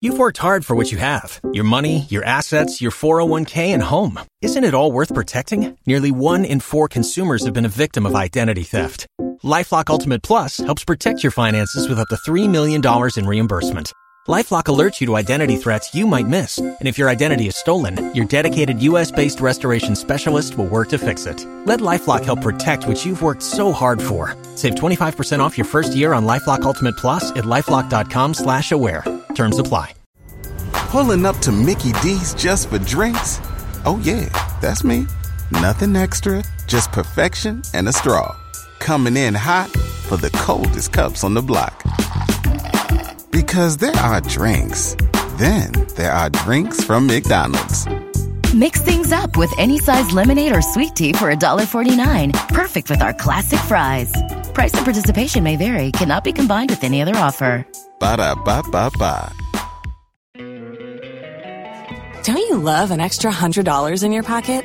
You've worked hard for what you have your money, your assets, your 401k, and home. Isn't it all worth protecting? Nearly one in four consumers have been a victim of identity theft. Lifelock Ultimate Plus helps protect your finances with up to $3 million in reimbursement. LifeLock alerts you to identity threats you might miss. And if your identity is stolen, your dedicated U.S.-based restoration specialist will work to fix it. Let LifeLock help protect what you've worked so hard for. Save 25% off your first year on LifeLock Ultimate Plus at LifeLock.com slash aware. Terms apply. Pulling up to Mickey D's just for drinks? Oh yeah, that's me. Nothing extra, just perfection and a straw. Coming in hot for the coldest cups on the block. Because there are drinks, then there are drinks from McDonald's. Mix things up with any size lemonade or sweet tea for $1.49. Perfect with our classic fries. Price and participation may vary, cannot be combined with any other offer. Ba da ba ba ba. Don't you love an extra $100 in your pocket?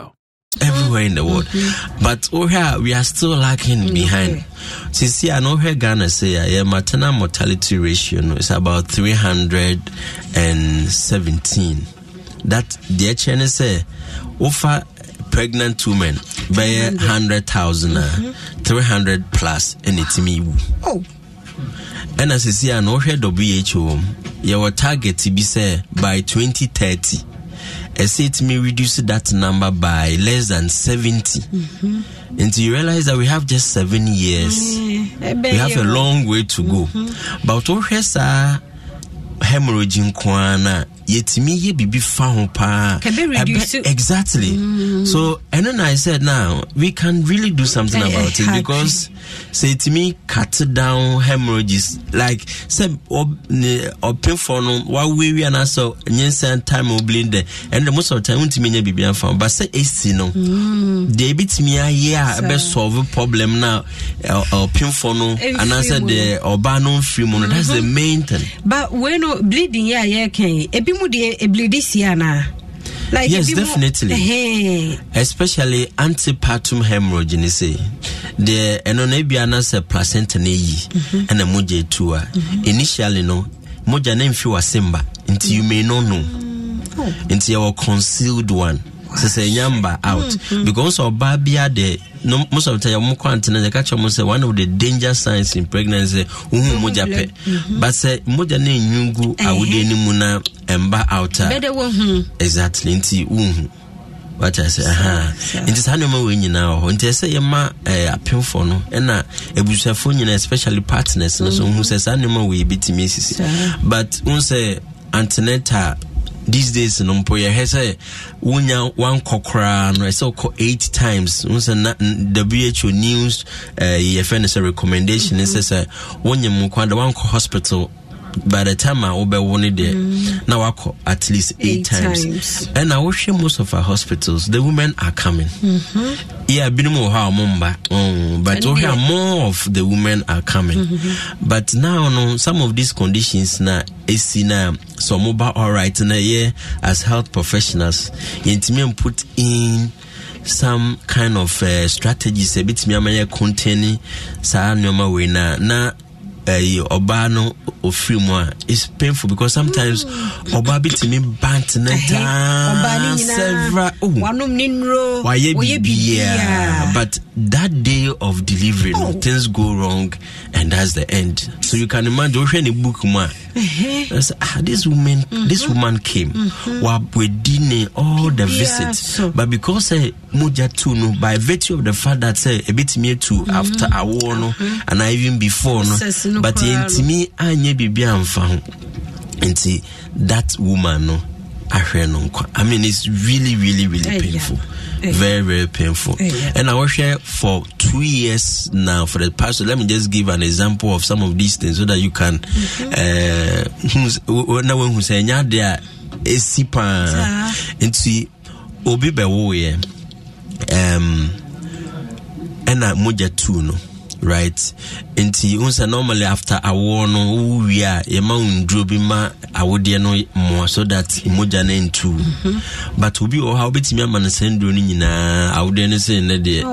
everywhere in the world. Mm-hmm. But oh yeah, we are still lagging mm-hmm. behind. See, see, I know where Ghana say yeah, maternal mortality ratio no, is about three hundred and seventeen. That the HN say offer pregnant women by hundred thousand uh, mm-hmm. three hundred plus and it's me. Oh. And as you see, I know where WHO your target to be say by twenty thirty ɛsɛ ɛtumi reduce that number by less than seventy, mm-hmm. and you realize that we have just seven years mm-hmm. we have a long way to go mm-hmm. but wohwɛ saa hemorrhage nko ara no a yɛtumi yɛ biribi fa ho paa exactly mm-hmm. so ɛno na i said now we can really do something eh, about it because sɛ me cut down hemorrhages like say sɛ ɔpemfoɔ no wawe wi anaasɛ nyɛnsa time of dɛ And dɛ most of the time me wontumi nya biribia mfa ba sɛ ɛsi no mm. deɛ ɛbɛtumi me a year I solve a problem no ɔpemfoɔ no anaasɛ deɛ ɔbaa no free money. that's the mm-hmm. main thing but when bleeding, yeah, yeah, yɛ a yɛka ebi mu bleed this year, anaa Like yes, definitely. Hey. Especially antepartum hemorrhage You say. The enonabiana se placenta na eyi ɛna mhm. mogya etu a mhm. initially no mogya na mfi simba. Until you may not know Until mm. oh. you are concealed one sɛ sɛ ɛnya mba out mm-hmm. because ɔbaa biara de no most of the time ɔmo kɔ antena yɛka kyerɛ ɔmo sɛ one of the danger signs in pregnancy wohu mogya pɛ but sɛ mogya no enyu gu eh. awodeɛ no mu na ɛmba out a exactly nti wohu wata sɛ aha nti saa nneɛma wei nyinaa wɔ hɔ nti ɛsɛ yɛma eh, apemfo no ɛna abusuafo nyinaa especially partners no so wohu mm-hmm. sɛ saa nneɛma wei bɛtumi asisi but wohu sɛ antenata these days no mpo yɛhwɛ sɛ wonya wankɔ koraa no ɛsɛ wokɔ eight times wo sɛ na who news uh, eh, yɛfɛ no sɛ recommendation ne sɛ sɛ wonyem nkwa da wankɔ hospital by the time a wobɛwo no now I wakɔ at least eight, eight times. times and I wohwɛ most of our hospitals the women are coming mm-hmm. yeah binom wɔ hɔ a but um, we have more of the women are coming mm-hmm. but now no some of these conditions na ɛsi na sɛ ɔmo ba alright na yɛ as health professionals yɛntumi put in some kind of uh, strategies bit. ama a containing saa nneɛma way na na ɛyi eh, ɔbaa no ofiri mu a it's painful because sometimes ɔbaa hmm. bi tumi bant ne taa several oh wayɛ biribiara but that day of delivery no oh. things go wrong and that's the end so you can imagine wohwɛ ne book mu a ah this woman mm-hmm. this woman came mm-hmm. wa wabɛdi ne all the visit but because sɛ eh, mogya tu no by virtue of the fact that sɛ eh, ɛbɛtumi atu after mm-hmm. awoɔ no uh-huh. and even before no but yɛntumi anyɛ biribi amfa ho nti that woman no ahwɛ no nkwa i mean it's really really really painful yeah. very very painful yeah. and i was here for two years now for the past let me just give an example of some of these things so that you can mm-hmm. eh, When wɔn hu sɛ ɛnya adeɛ a ɛsi and see, obi bɛwoeɛ ɛna mogya tu no right nti n normally after awoɔ no wowie a yɛma wo nduro bi ma awodeɛ no mmoa so that mogya no ntu mm-hmm. but obi wɔ hɔ a wobɛtumi ama no saa nduro no nyinaa awodeɛ no sɛ nnɛ deɛ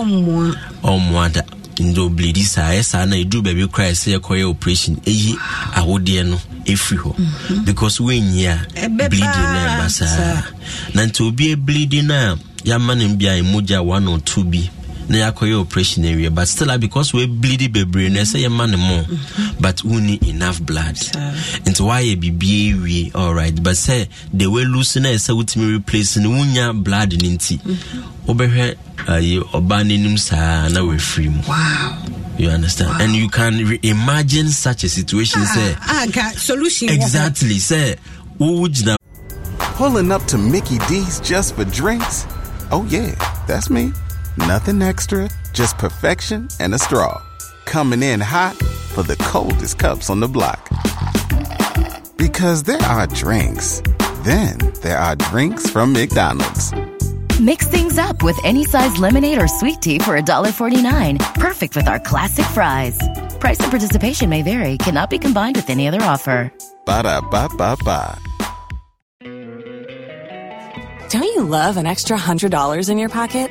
ɔmmoa da nti obilidi saa ɛyɛ saa na ɛduru baabi kora ɛsɛ yɛkɔyɛ operation ɛyi awodeɛ no ɛfiri hɔ mhm. because woanyi a bleeding no ɛba saa na nti obi bleeding no a yɛama no bi a ɛmogya 1 or 2 bi na yɛakɔyɛ operation awie but still ah, because wɔablidi bebree no ɛsɛ yɛma ne mo but wonni enough blood nti woayɛ biribia wie alright but sɛ de wɔalusi no ɛsɛ wotumi replace no wonya blood no nti wobɛhwɛ ah, ɔbaa no anim saa na wɔafiri mu wow. You understand? Wow. And you can re- imagine such a situation, ah, sir. Ah, got solution. Exactly, what? sir. Ujna. Pulling up to Mickey D's just for drinks? Oh, yeah, that's me. Nothing extra, just perfection and a straw. Coming in hot for the coldest cups on the block. Because there are drinks, then there are drinks from McDonald's. Mix things up with any size lemonade or sweet tea for $1.49. Perfect with our classic fries. Price and participation may vary, cannot be combined with any other offer. Ba da ba ba ba. Don't you love an extra $100 in your pocket?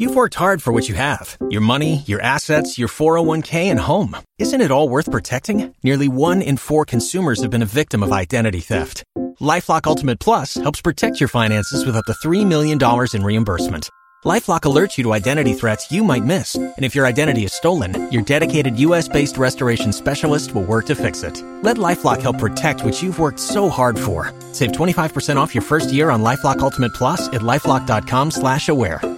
You've worked hard for what you have your money, your assets, your 401k, and home. Isn't it all worth protecting? Nearly one in four consumers have been a victim of identity theft. Lifelock Ultimate Plus helps protect your finances with up to $3 million in reimbursement. LifeLock alerts you to identity threats you might miss, and if your identity is stolen, your dedicated U.S.-based restoration specialist will work to fix it. Let LifeLock help protect what you've worked so hard for. Save 25% off your first year on LifeLock Ultimate Plus at lifeLock.com/aware. slash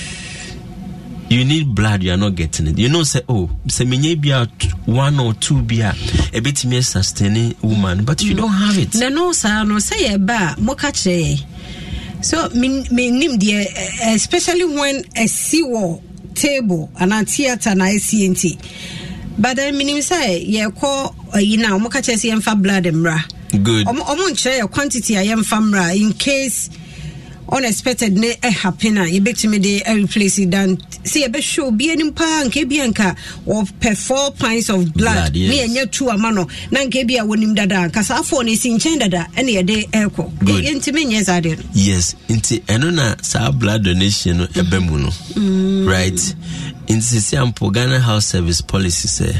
you need blood you are not getting it you know say oh say me bia one or two a bit me sustaining woman but you mm. don't have it na no sir no say e ba mo ka kire so me deɛ eh, especially when a wɔ table a theatre na ɛsie nti but then, me say ayi no a ɔmo ka kyerɛ sɛ blood, blood bra. good ɔmo nkyerɛ eh, quantity a eh, am famra, in case unexpected ne happen a yɛbɛtumi de replace dan sɛ yɛbɛhwɛ obi anim paa nka bi anka ɔpɛ four pints of blood ne yɛnyɛ tu ama no na nka bi a wɔnim dada anka saa foɔ no ɛsi nkyɛn dada ɛne yɛde ɛrekɔ yɛntumi nyɛ saa deɛ no yes nti ɛno na saa blood donation no ɛbɛ mu no mm. right nti sisi ampo ghana house service policy sɛ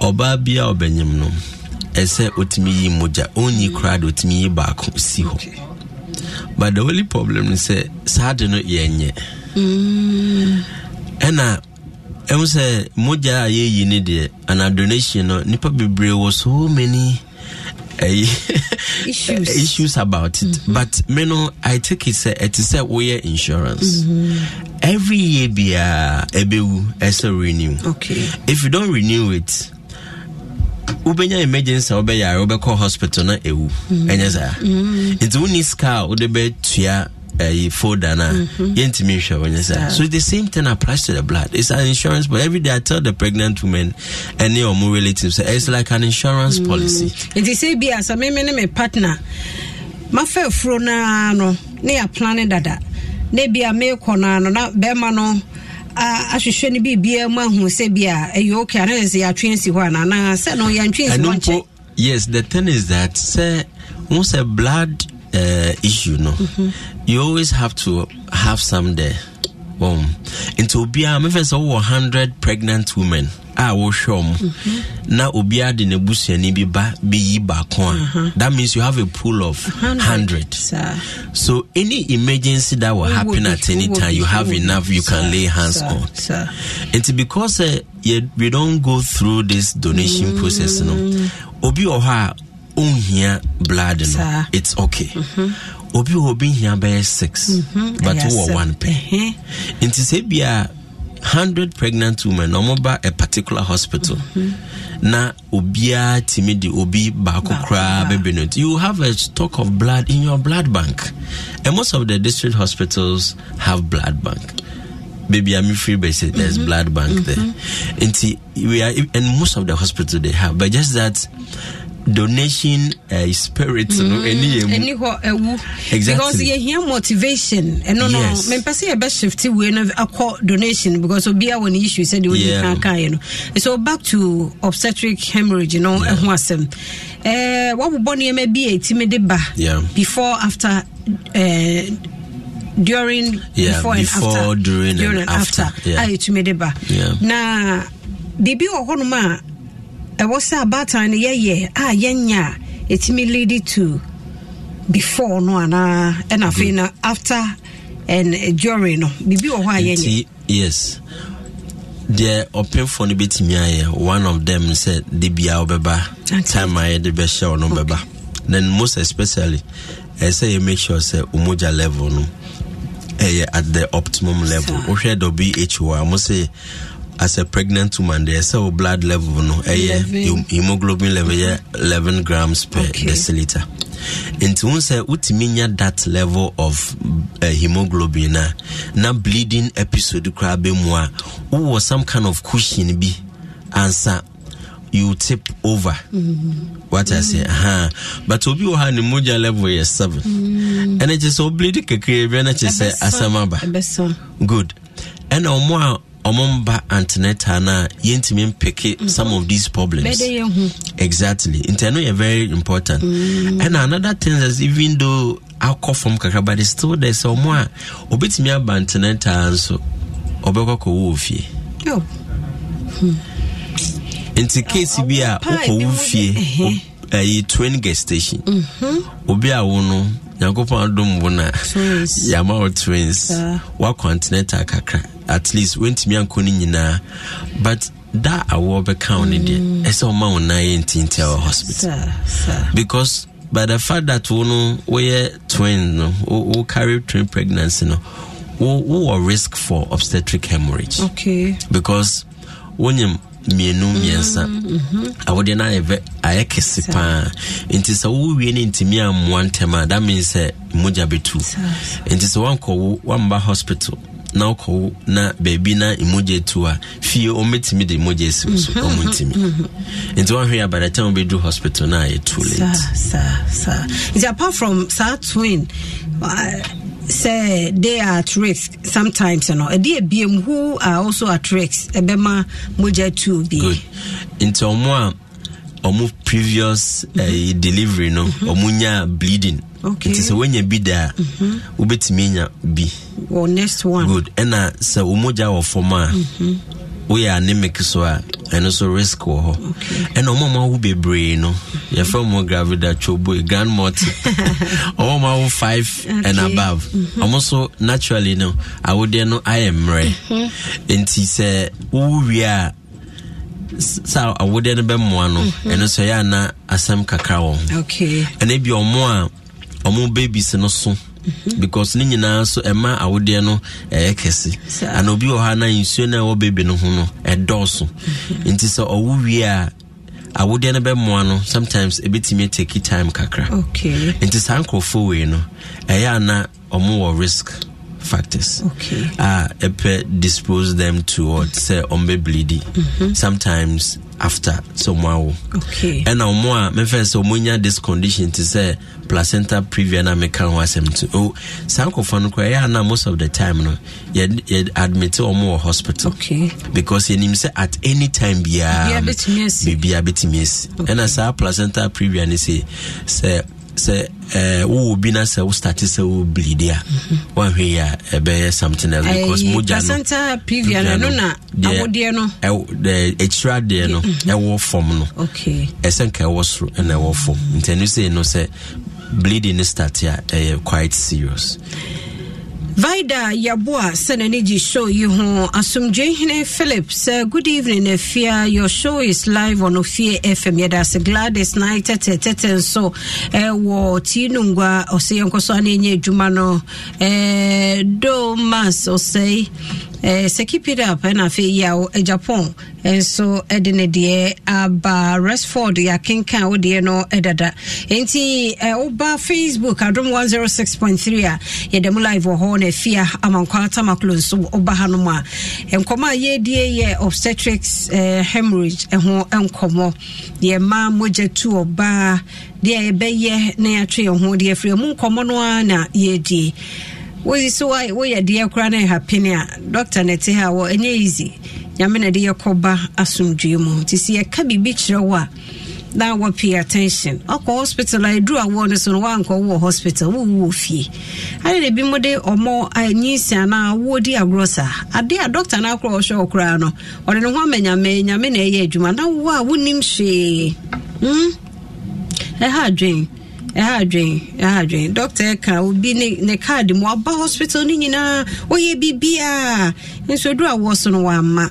ɔbaa bia ɔbɛnyim no ɛsɛ otumi yi mogya ɔnyi koraa de otumi yi baako si hɔ okay but the only problem is sɛ saa de no yɛnyɛ mm. ɛna ɛmu sɛ mogya a yɛyi no deɛ ana donation no nipa bebree wɔ so many ɛyi issues. issues about it mm-hmm. but me no i take it sɛ ɛte sɛ woyɛ insurance mm-hmm. every year biara ɛbɛwu ɛsɛ renew okay. if you don't renew it wobɛnya emergency a wobɛyare wobɛkɔ hospital na ɛwu mm-hmm. ɛnyɛ saa mm-hmm. nti woni sika a wode bɛtua uh, folder na mm-hmm. yɛntumi nhwɛ wɔnyɛ saa so the same thing applies to the blood it's an insurance but every day i tell the pregnant women ɛne ɔmo relatives eh, it's like an insurance mm. policy nti sɛ bia sɛ meme ne me partner mafa afuro no no ne yɛaplane dada ne bi bia meekɔ no no na bɛrima no ahwehwɛ no biribia mu ahu sɛ bi ɛyɛ ok ana ɛsɛ yɛatwe asi hɔ ana sɛ no yɛantwe asi hɔ yes the thing is that sɛ wo sɛ blood uh, issue no mm-hmm. you always have to have some there um, nti obiaa mefɛ sɛ wowɔ 100 pregnant women a wohwɛ ɔmo mhm. na obiara de n'ebusuani bi ba bɛyi baako a that means you have a pool of hundred so any emergency that will happen at any time you have enough you can lay hands on nti because uh, we don't go through this donation mm. process no obi wɔ hɔ a ohia blood no it's okay. Mm-hmm. obi wɔ obi hia bɛyɛ six mm-hmm. but wowɔ one pɛ nti sɛ bia Hundred pregnant women ɔmo ba a particular hospital mm-hmm. na obiara tìmi de obi baako koraa bɛbɛ no you have a stock of blood in your blood bank and most of the district hospitals have blood bank baby i'm free but there's mm-hmm. blood bank mm-hmm. there and see, we are and most of the hospitals they have but just that donation uh, spirit mm, no ɛni yɛ mu ɛni hɔ ɛwu exactly because yɛ hia motivation ɛno eh, no mɛ mpɛ sɛ yɛ bɛ shift wei no akɔ donation because obiara wɔ ne issue sɛ deɛ odi kan kan yɛ no so back to obstetric hemorrhage you no know, ɛho yeah. asɛm ɛɛ wɔbobɔ nneɛma bi a ɛtumi de ba before after ɛɛ. Uh, eh, during yeah, before, before and after during, during and, and after, after. Yeah. a ɛtumi de ba yeah. na biribi wɔ hɔnom a ɛwɔ sɛ abaatan no yɛyɛ a yɛnya a ɛtumi lead to before no anaa ɛna afei mm. na after and during no biribi wɔ hɔ a yɛnyɛ yes deɛ ɔpemfoɔ no bɛtumi ayɛ one of them sɛ de biaa wobɛba time a yɛde bɛhyɛ wɔ no bɛba then most especially ɛsɛ sɛ yɛ make sure sɛ omogya level no ɛyɛ at the optimum level wohwɛ who a mo sɛ as a pregnant woman deɛ sɛ wo blood level no ɛyɛ eh, hemoglobin level yɛ eleven grams per okay. deciliter nti wo sɛ wotumi nya that level of uh, hemoglobin a eh? na bleeding episode koraa bɛmu a wowɔ some kind of cushion bi ansa you tip over mm-hmm. what i say aha huh but obi wɔ ha ne mogya level yɛ seven ɛna kyɛ sɛ obleed kakraa bi ɛna kyɛ sɛ asɛm aba good ɛna ɔmo a ɔmo mba antenatal no a yɛntumi mpeke mm-hmm. some of these problems exactly nti ɛno yɛ very important mm. and another thing is even though akɔ fam kakra but still there is ɔmo a obetumi aba antenatal nso ɔbɛkɔ kɔwɔ ofie hmm. nti case bi a wokɔwɔ fie ɛyi twin gas station mhm. obi a wo no nyankopɔn adom wo na, a yɛama wo twins woakɔntinental kakra at least wontumi ankɔ no nyinaa but da awoɔ bɛka wo no deɛ mm. ɛsɛ woma wo nan yɛ ntinti awɔ hospital because by the fact that wo no woyɛ twin no wo carry twin pregnancy no wowɔ risk for obstetric hemorrhage okay. because wonyim mienu miensa mhm. awodeɛ na ayɛ ayɛ kɛse paa nti sɛ wowie no ntumi ammoa ntɛm a that means sɛ mogya bɛtu nti sɛ woankɔwo woamba hospital na wokɔwo na baabi na mogya tu a fie ɔmmɛtumi de mogya asiw so ɔmo ntumi mhm. nti woahwɛ yɛ abada tam wobɛduru hospital na a too late nti apart from saa twin say they are at risk sometimes you know they be who are also at risk ebema moja to be in tomo ɔmo previous uh, mm-hmm. delivery no mhm. ɔmo mm-hmm. nya bleeding okay. nti sɛ wonya bi daa mhm. wobɛtumi anya bi well, next one good ɛna sɛ wo mogya wɔ fam a mhm woyɛ anemic so a ɛno so risk wɔ hɔ ɛna ɔma ma wo bebree no yɛfrɛ mu gravida choboe grand mort ɔma ma wo 5 okay. and above ɔmo mm -hmm. so naturally no awodeɛ no ayɛ mmerɛ mm-hmm. enti sɛ wowo wie a sa awodeɛ no bɛmmoa no ɛno sɛ ɛyɛ ana asɛm kakra wɔ ho ɛna bi ɔmo a ɔmo babies no so because ne nyinaa so ɛma awodeɛ no ɛyɛ kɛse ana obi wɔ hɔ na nsuo no a ɛwɔ baby no ho no ɛdɔɔso mm-hmm. nti sɛ ɔwo wie a awodeɛ no bɛmmoa no sometimes ɛbɛtumi ataki time kakra okay. nti saa nkurɔfoɔ wei no ɛyɛ ana ɔmo wɔ risk factors. Okay. Uh, dispose them towards say ombe bleeding. Mm-hmm. Sometimes after someone. Okay. And now more me first so munya this condition to say placenta previa na me kan wasem to. Oh, sankofo no kwa ya na most of the time no ye admit or more hospital. Okay. Because you say at any time bia bia betimi esi. Bia betimi esi. And as placenta previa ni say say sɛ eh, wowɔ bi na sɛ wo starte sɛ wo bleede a mhm. woahwɛ yi a ɛbɛyɛ something else because mogya noakyira deɛ no mhm. ɛwɔ fam no ɛsɛ nka ɛwɔ soro ɛna ɛwɔ fam nti ɛno sei no sɛ bleeding no starte a ɛyɛ quite serious Vaida yaboa sɛ n'ani gye show yi ho asomdwoehene philip sɛ uh, good evening afia uh, your show is live on ofie fm yɛda ase gladys nai tɛtɛtɛtɛ nso ɛwɔ tii no ngua ɔsɛ yɛnkɔ so a na ɛnyɛ adwuma no domas ɔsɛe Eh, sɛki pide apa na afei yɛ eh, japan nso eh, de ne deɛ aba resford yɛakenka wo deɛ no dada nti woba facebook adom 106.3 a yɛda mu live wɔ hɔ na afia amankwaa tamaklo nso woba ha nom a nkɔmmɔ a yɛdie yɛ obstetrics hemorrhage ho nkɔmmɔ deɛ ma mogya tu ɔbaa deɛ yɛbɛyɛ na yɛatwe yɛn ho deɛ afiri mu nkɔmmɔ no ara na yɛdie woso woyɛ deɛ kora no a dɔctor no ɛte ha wɔ ɛnyɛ easy nyame na de yɛkɔ ba mu biribi kyerɛ wo a na wɔ pay attention ɔkɔ hospital a ɛduru awoɔ no so no woankɔ wowɔ hospital wowu wɔ fie ade bi mu de ɔmɔ anyinsi anaa agorɔ saa ade a no akorɔ ɔhwɛ koraa no ɔde ne ho ama nyame nyame na ɛyɛ ɛha adwen ɛha adwen dɔkta ɛka obi ne ne kaadi mu ɔba hospital ne nyinaa wɔyɛ biribiaa nso duro a so no wɔama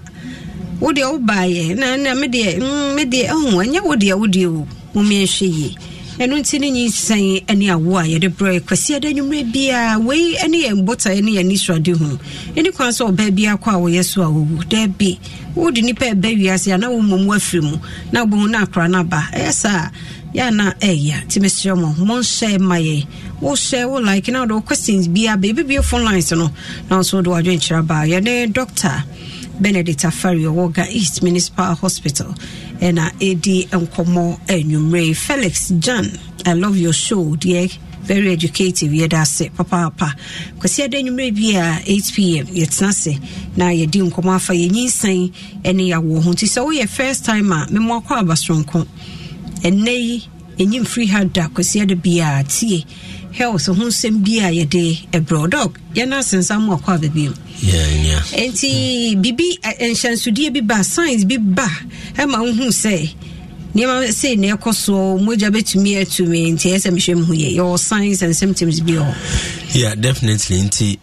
wo deɛ wobaeɛ na na me deɛ mm, me deɛ ɛho ɛnyɛ wo deɛ wo deɛ o mo mmeɛhwɛ yie ɛno nti ne nyinsɛn ne awo a yɛde brɛ kwasiada anwummerɛ biaa wei ne yɛ mbotaeɛ ne yɛne suade ho ɛni kwan sɛ ɔbaa bi kɔ a wɔyɛ so a wɔwu daabi wode nnipa ɛbɛ wiase a na wo mmom woafiri mu na wobɛhu no akora no aba ɛyɛ saa yɛ na ɛyɛ eh, nti mesrɛ mɔ monhyɛ ma yɛ wohyɛ wo like na wode wo questions bia beebibie phone lines no na wo so wode wadwenkyerɛ baa yɛne dɔctor benedict afari ɔwɔ east municipal hospital ɛna eh, ɛdi nkɔmmɔ anwummerɛ felix john i love your show deɛ very educative yɛda ase papaapa kwasi ada nwummerɛ bi a 8pm yɛtena ase na yɛdi nkɔmmɔ afa yɛnyinsɛn eh, ne yɛawoɔ ho nti sɛ woyɛ first timer a memmoakɔ abasonko ɛnɛ yi ɛnyim firi ha da kɔsiɛ de bia tie health ho nsɛm bi a yɛde ɛbrɛ dɔg yɛn asensam mu akɔ a baabi mu nti biribi nhyɛnsodeɛ bi ba science bi ba ɛma wohu sɛ nneɛma sei na ɛkɔ soɔ mogya bɛtumi atumi nti ɛsɛ mehwɛ mu ho yɛ yɛwɔ science and symptoms bi wɔ yeah definitely nti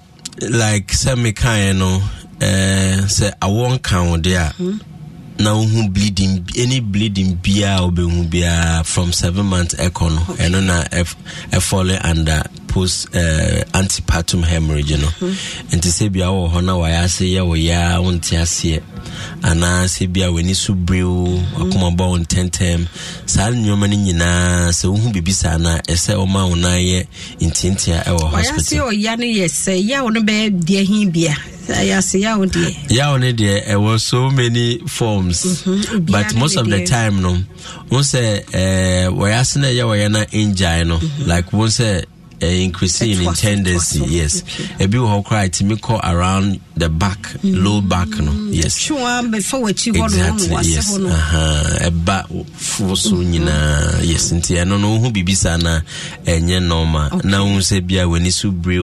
like sɛ mekaeɛ no uh, sɛ awɔ nka wo deɛ a hmm? na wohu bleeding any bleeding biara wobɛhu bia from seven months ɛkɔ no ɛno na ɛfɔle under post uh, eh, antipartum hemorrhage no know. mm nti sɛ bia wɔ hɔ na wayɛ ase yɛ wo yɛa wonte aseɛ anaa sɛ bia w'ani so bereo mhm. akomabɔ wo ntɛntɛm saa nneɔma no nyinaa sɛ wohu biribi saa no a ɛsɛ ɔma wo na yɛ ntiantia ɛwɔ hospital yɛ sɛ yɛ wo no bɛyɛ deɛ he bia yaw ne deɛ ɛwɔ so many forms mm-hmm. but most of the time no wo sɛ wɔyɛ ase no ɛyɛ wɔyɛ no engyae no mhm. like wo sɛ uh, increasing in tendency yes ebi wɔ hɔ koraa ɛtumi kɔ around the back mm. low back no mhm. yes exactly yes ɛba fo so mhm. nyinaa yes nti ɛno no wohu biribi saa na ɛnyɛ normal na wohu sɛ bia w'ani so bere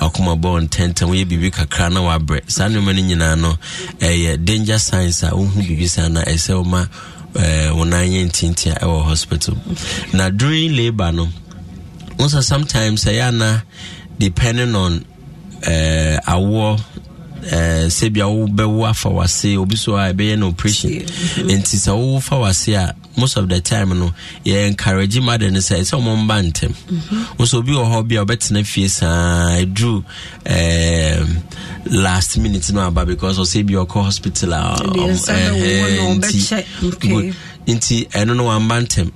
wakoma bɔ ntɛntɛn woyɛ biribi kakra na wabrɛ saa nneɛma no nyinaa no ɛyɛ danger signs a wohu biribi saa na ɛsɛ woma eh, wo nan yɛ ntintia ɛwɔ hospital na during labor no wo sɛ sometimes ɛyɛ ana depending on uh, eh, awoɔ Eh, sɛbia wobɛwo afa wase obi so a ɛbɛyɛ no operation nti sɛ wowo fa wase a most of the time no yɛ encourage mother no sɛ ɛsɛ ɔmo mba ntɛm nso mhm. obi wɔ hɔ bi a ɔbɛtena fie saa ɛduru eh, last minute no aba because ɔsɛ bi ɔkɔ hospital a nti nti ɛno no wamba ntɛm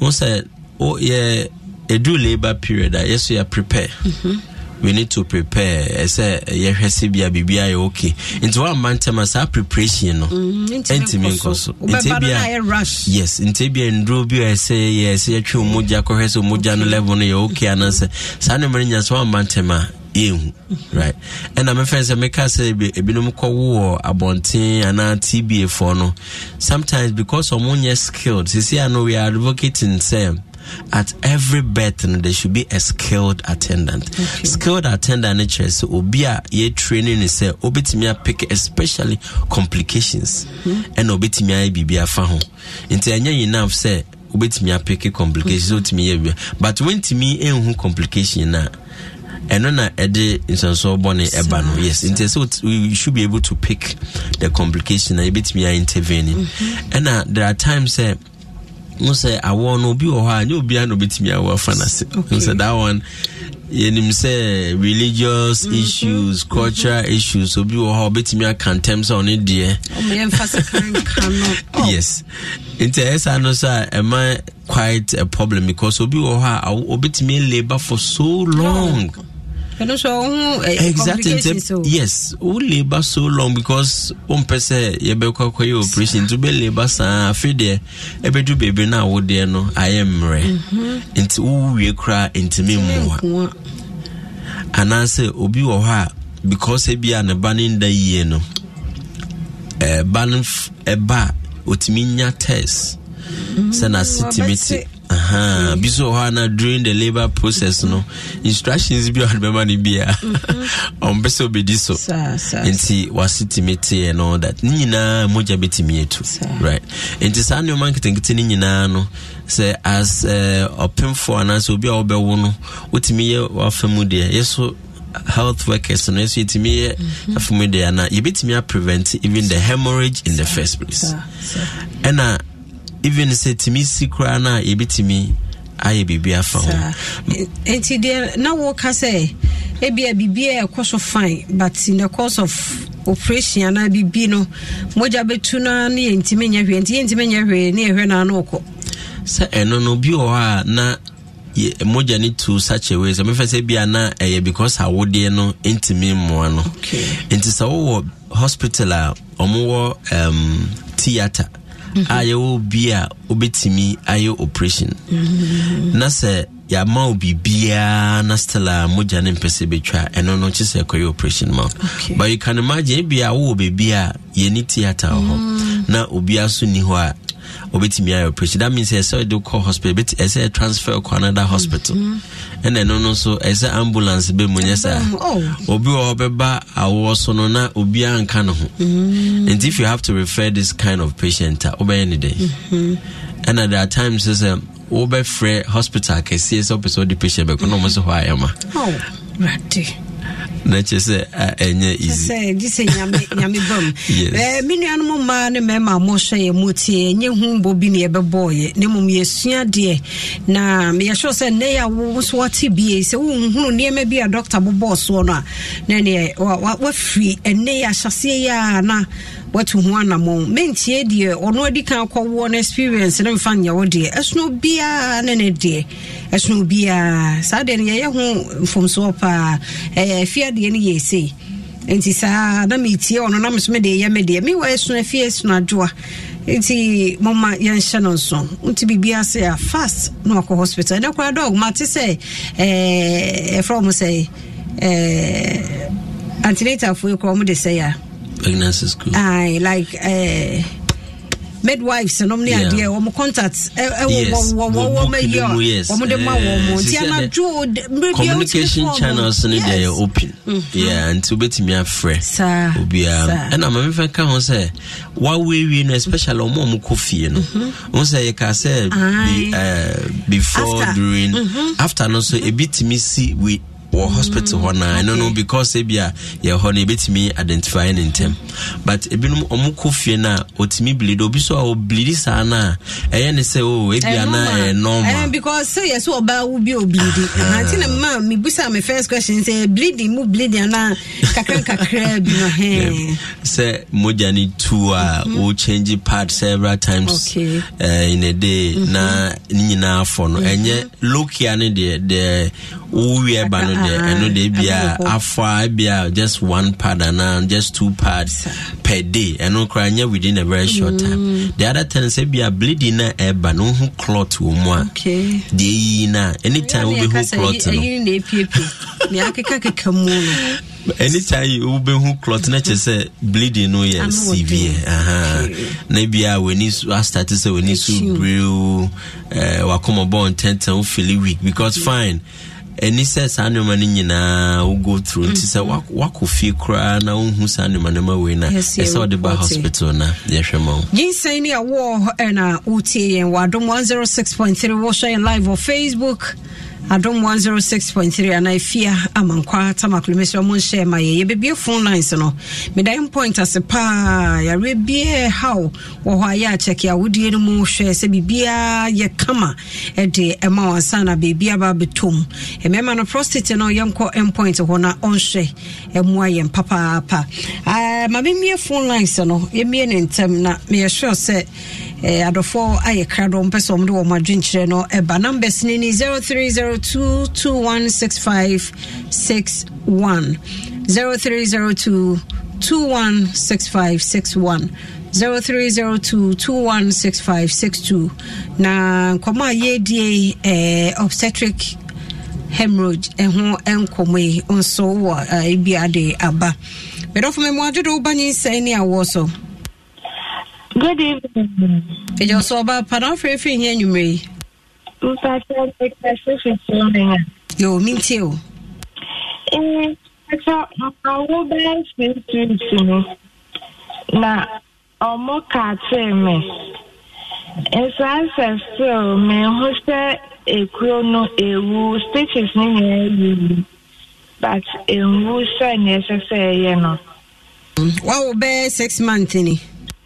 wo sɛ yɛ ɛduru labour period a yɛso yɛ prepare mm -hmm. we need to prepare I say, ɛsɛ yɛhwɛ be a biribia yɛ okay nti woamma ntɛm a saa preparation no ɛntimi nkɔ so rush. yes nti bia nduro bi a ɛsɛ yɛ sɛ yɛtwe mogya kɔhwɛ sɛ mogya no level no yɛ okay anaasɛ saa nnema no right? And woamma ntɛm a yɛhu right ɛna mɛfɛ sɛ meka sɛ ebinom kɔwowɔ abɔnten anaa tba foɔ no sometimes because ɔmo nyɛ skilled sisi "I know we are advocating same." at every birth no there should be a skilled attendant okay. skilled attendant no So, sɛ obi a yɛ training ne sɛ wobɛtumi pick, especially complications hmm? And wobɛtumi ayɛ biribi afa ho nti ɛnyɛ enough sɛ wobɛtumi apeke complications wotumi hmm. yɛ bia but wontumi ɛnhu complication no ɛno na ɛde nsonsoɔ bɔne ɛba no yes nti sɛ we should be able to pick the complication na yɛbɛtumi a intervene mm-hmm. ɛna there are times sɛ uh, mo sɛ awɔ no obi wɔ hɔ a nyɛ obiara na obɛtumi awɔ afa no ase sɛ that one yɛnim sɛ religious mm-hmm. issues cultural mm-hmm. issues obi wɔ hɔ a obɛtumi aka ntɛm sɛ ɔne deɛ yes nti ɛyɛ saa no sɛ ɛma quite a problem because obi wɔ hɔ a obɛtumi labor for so long oh. Eh, exactly yes wo labour so long because wompɛ sɛ yɛbɛkɔ akɔyɛ operation To be labour saa afei deɛ ɛbɛdu baabi no a wodeɛ no ayɛ mmerɛ nti wowie koraa ntimi mmoa anaasɛ obi wɔ hɔ a because ebi a ne ba ne nda yie no ɛba no ɛba a otumi nya test sɛ n'ase timi te aha hmm. bi so hɔ ana during the labour process no mm-hmm. instructions bi a ɔde bɛma no bia mm-hmm. ɔmpɛ sɛ obɛdi so nti wase tumi teɛ no that ne nyinaa mogya bɛtumi atu right nti saa nneɔma nketenkete no nyinaa no sɛ as eh, ɔpemfoɔ uh, anaasɛ obi a wɔbɛwo no wotumi yɛ wafa mu deɛ yɛ so health workers no nso yɛtumi yɛ mm-hmm. afa mu deɛ ana yɛbɛtumi aprevent even the hemorrhage in the first place ɛna even sɛ tumi si koraa no a yɛbɛtumi ayɛ biribi afa ho nti deɛ na woka sɛ ebia biribi a ɛkɔ so fine but in the course of operation anaa biribi no mogya bɛtu no no yɛntimi nyɛ hwee nti yɛntimi nyɛ hwee ne yɛhwɛ naa no ɔkɔ sɛ ɛno no bi wɔ hɔ a na mogya no tu such a way sɛ mefɛ sɛ bia na ɛyɛ because awodeɛ no ntimi mmoa no nti sɛ wowɔ hospital a ɔmowɔ um, theatre a yɛwɔ obi a wobɛtumi ayɛ operation mm-hmm. na sɛ yɛama wo biribiaa na still a mogya ne mpɛ sɛ bɛtwa ɛno no kye sɛ ɛkɔyɛ operation ma but you can imagine ebia wowɔ baabi a yɛni theatre wɔ hɔ mm. na obia so ni hɔ a obetumi ayɛ operation that means ɛsɛ de kɔ hospital bɛti ɛsɛ transfer kɔ another hospital mm-hmm. ɛna ɛno no nso ɛsɛ ambulance bɛ mu nyɛ saa oh. obi wɔ hɔ bɛba awoɔ so no na obiara nka ne ho mm-hmm. nti if you have to refer this kind of patient a wobɛyɛ ne dɛn mm-hmm. ɛna there are times sɛ wobɛfrɛ hospital kɛseɛ sɛ wopɛ sɛ wode patient bɛkɔ na ɔmo sɛ hɔ ayɛ ma oh na kyerɛ sɛ ɛnyɛ easymeme eh, nuanom ma ne mmarima mohwɛ yɛ motie ɛnyɛ hu bɔ bi ne yɛbɛbɔɔyɛ na mmom yɛsua deɛ na meyɛhyɛ sɛ nnɛ yɛ a wo so wate bie sɛ wohunu nneɛma bi a dɔctor bobɔɔ soɔ no a na neɛ wafiri ɛnnɛ yɛ ahyɛseɛ yi a na watu ho anammɔn mentie deɛ ɔno adi kan kɔwoɔ no experience ne mfa nyɛ wo deɛ ɛsono biaa ne ne deɛ ɛsono biaa saa deɛ no yɛyɛ ho mfomsoɔ paa ɛyɛ afiadeɛ no yɛ ɛsei nti saa na metie ɔno na meso mede yɛ me deɛ mewɔ ɛsono afie ɛsono adwoa nti moma yɛnhyɛ no nso nti biribia sɛ a fast na wakɔ hospital ɛnɛ koraa dɔg mate sɛ ɛfrɛ mo sɛ antinatafoɔ yi korɔ mo sɛe a pregnancy school aye like uh, midwives nom ne adeɛ wɔn contact wɔn ma yi a wɔn de ma wɔn mo nti anadwo communication channels no deɛ yɛ open mm-hmm. yeah nti wobɛtumi afrɛ obiara ɛna maame fɛn ka ho sɛ wawo ewie no especially wɔn a wɔn kɔ fie no wɔn sɛ yɛ before during mm -hmm. after no so ebi tumi si we wɔ hospital hɔ naa ɛno no because ebi a yɛ hɔ no ebetumi identify ne ntɛm but ebinom ɔmo kɔ fie no a otumi bleed obi so a oblidi saa no a ɛyɛ ne sɛ o oh, ebi ana ɛyɛ normal. because sɛ yɛ so ɔbaa wo bi oblidi nti na mma mi busa mi first question sɛ bleeding mu bleeding ana kakra kakra bi no hɛn. sɛ mogya ni tu a mhm. o change part several times okay. uh, in a day mm -hmm. na ne nyinaa afɔ no mhm. ɛnyɛ lokia ne deɛ deɛ wowie ba ah, no deɛ ɛno deɛ bia afa bia just one pad anaa just two pads per day ɛno koraa nyɛ within a very short time mm. the other time sɛ bia bleeding na ɛba no wohu clot wɔ mu a deɛ yiyi no a anytime wobɛhu clot no anytime wobɛhu clot na kyerɛ sɛ bleeding no yɛ severe aha na bia w'ani so astarte sɛ w'ani so brew eh, wakɔmɔbɔ ntɛntɛn wofili weak because fine ɛni sɛ saa nneɛma no nyinaa wo go through nti sɛ mm-hmm. wakɔ fie koraa na wohu saa nneɛma ma wei na ɛsɛ wode ba hospital na yɛhwɛ ma wo gyensɛn ne awoɔ ɛna wotie yɛn wɔ adom 106.3 wɔhwɛ yɛn live wɔ facebook adom 106.3 ana afia amankwa tamaklome sɛ ɔmo nhyɛ ma yɛ yɛbɛbie phone lines no medaim point ase paa yareɛ biaa haw wɔ hɔ a yɛ akyɛke a wodie no mu hwɛ sɛ biribiaa yɛ kama de ɛma w ansa na beebi aba bɛtom ɛmɛma no prostate no yɛnkɔ mpoint hɔ na ɔnhwɛ ɛmmoa yɛn papaapa ah, ma memmie phone lines no yɛmmie ne ntɛm na sure sɛ Eh, adɔfoɔ ayɛ kradɔ mpɛ sɛ ɔmde wɔ mo adwenkyerɛ no ɛba numbers no ni 0302216561 0302 0302216562 na nkɔmmɔ a yɛdie eh, obstetric hemorrhage ɛho eh, nkɔmmɔ yi nso wɔ eh, ebi eh, ade aba medɔfo mɛmoadwo de woba ne awɔ so good evening. ɛgya sɛ ɔba padamfrɛ firi hia anwummerɛ yi yɛwɔ mentie o sɛ ɔmawo bɛyɛ sentint no na ɔmo kaa kyee me nso asɛ still meho sɛ ekuro no ewu stitches no nyinaa yiwu but ewu sɛ neɛ ɛsɛ sɛ ɛyɛ no wawo bɛyɛ six month ni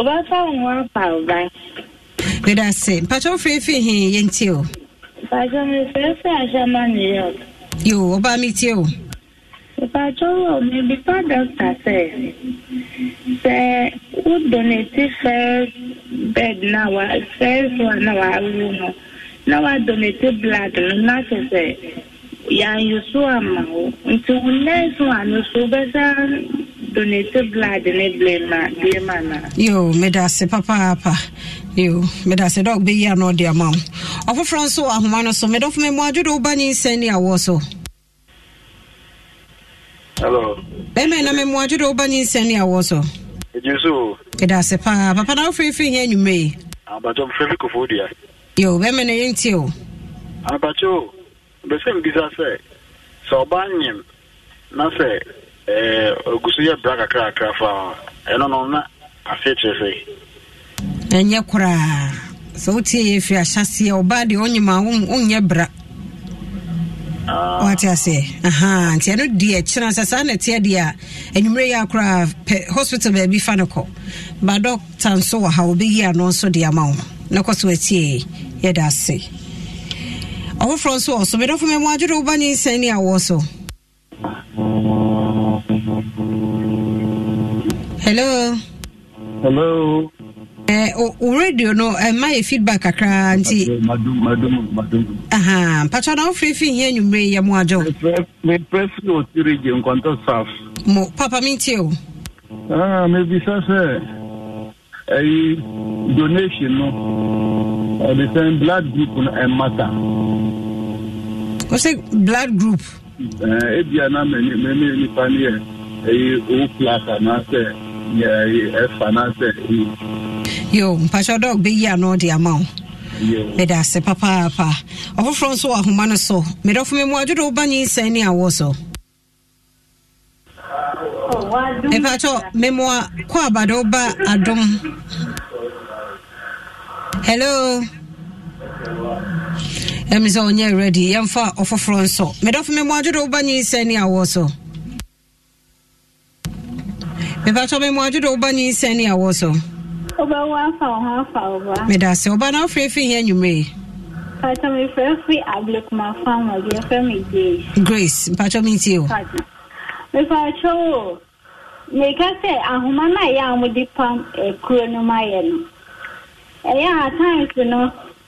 ɔbɛfa wo ho afa ba meda se mpatwɛ wofirɛfiri he yɛntie o mpatwɛ mefirɛfiri ahyɛ ma new york yo ɔbaa metie o mpatwɛ wɔ mebipa dɔkta sɛ sɛ wodonate first bed na wa first one na waawo no na wadonate blood no na kyɛ sɛ yɛanyɛ so ama wo nti wo nɛs one so wobɛsa donate meda ase papaapa meda ase dɔg bɛyi a ɔde ama wo ɔfoforɔ nso ahoma no so medɔfo me mu woba nyinsɛn ne awɔ so bɛma na me mu woba nyinsɛn ne awɔ so meda ase paa papa na wofirifiri hɛ anwummerɛ yi yo bɛma no yɛntie o sɛ ɔba nyem na sɛ ogu eh, e e so yɛ kakra kakrakra fa ɛno no na aseɛ kyerɛ sɛ ɛnyɛ koraa sɛ wotie yɛ firi ahyɛseɛ ɔbaa deɛ ɔnyim a wonyɛ bra wate aseɛ aha nti ɛno e, deɛ kyena sɛ saa nɛteɛ deɛ a anwummerɛ yɛ akoraa pɛ hospital baabi fa no kɔ ba dɔkta nso wɔ ha wɔbɛyi ano nso de ama wo na kɔ so atie yɛda ase ɔfoforɔ nso wɔ so medɔfo mɛ mo adwere woba nyinsɛn ne awɔ so hello. hello. Eh, o, o radio no ɛma eh, yɛ feedback kakra nti. madum madum madum. aha mpatwa na ofiri fi yɛ enyimire yɛ mu adwo. mepɛ fi oti region nkɔntɔ south. mo papa mi ti o. aa ah, mebisa sɛ ɛyi donation no ɛde sɛn blood group no ɛmata. o se blood group. ebia eh, e na mmemme nipa no yɛ ɛyi o plus anaasɛ yɛ ɛfa anaasɛ ɛyi. yo mpatwa dɔg bɛyi ano de ama wo mede ase papaapa ɔfoforɔ nso wɔ ahoma no so medɔfo me mu adwo ne awɔ so memoa kɔ abade woba adom hello ɛm sɛ ɔnyɛ ready yɛmfa ɔfoforɔ nsɔ medɔfo me mmoadwo de woba nyinsɛn ne awɔ so mepatɔ me mmoadwo de woba nyinsɛn ne awɔ so meda sɛ woba no wofrɛ fi hɛ anwummerɛ grace mpatwɔ mentie o mepatwɔ meka sɛ ahoma no a ɛyɛ a mode pam eh, kuro no mu ayɛ no ɛyɛ a times no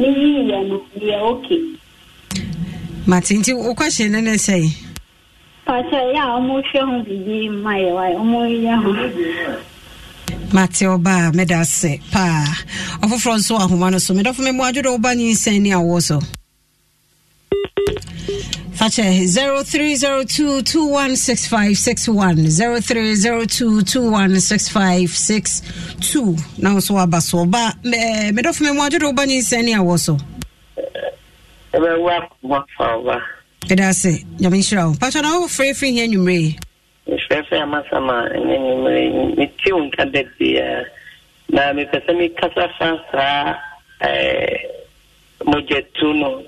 meyiiɛ no ya oke mate nti wo kwahyɛ ya ne a ɔmohwɛ ho ma mate ɔbaa meda sɛ paa ɔfoforɔ nso ahoma no so medɔfo me mmoadwo dɛ woba nyinsɛn so fakyɛ 0302216561 0302216562 na wo so waba so ɔba medɔfo me eh, mu agye de woba nyinsɛne a wɔ so ɛbɛwo eh, eh, akoma fa ɔba ɛda ase nyame nhyira wo patwa na wofrɛ firi hia nwummerɛ mefrɛfrɛ amasama ɛnyɛ nwummerɛ mi wo nka da biaa na mi sɛ mekasa fa saa mogyatu no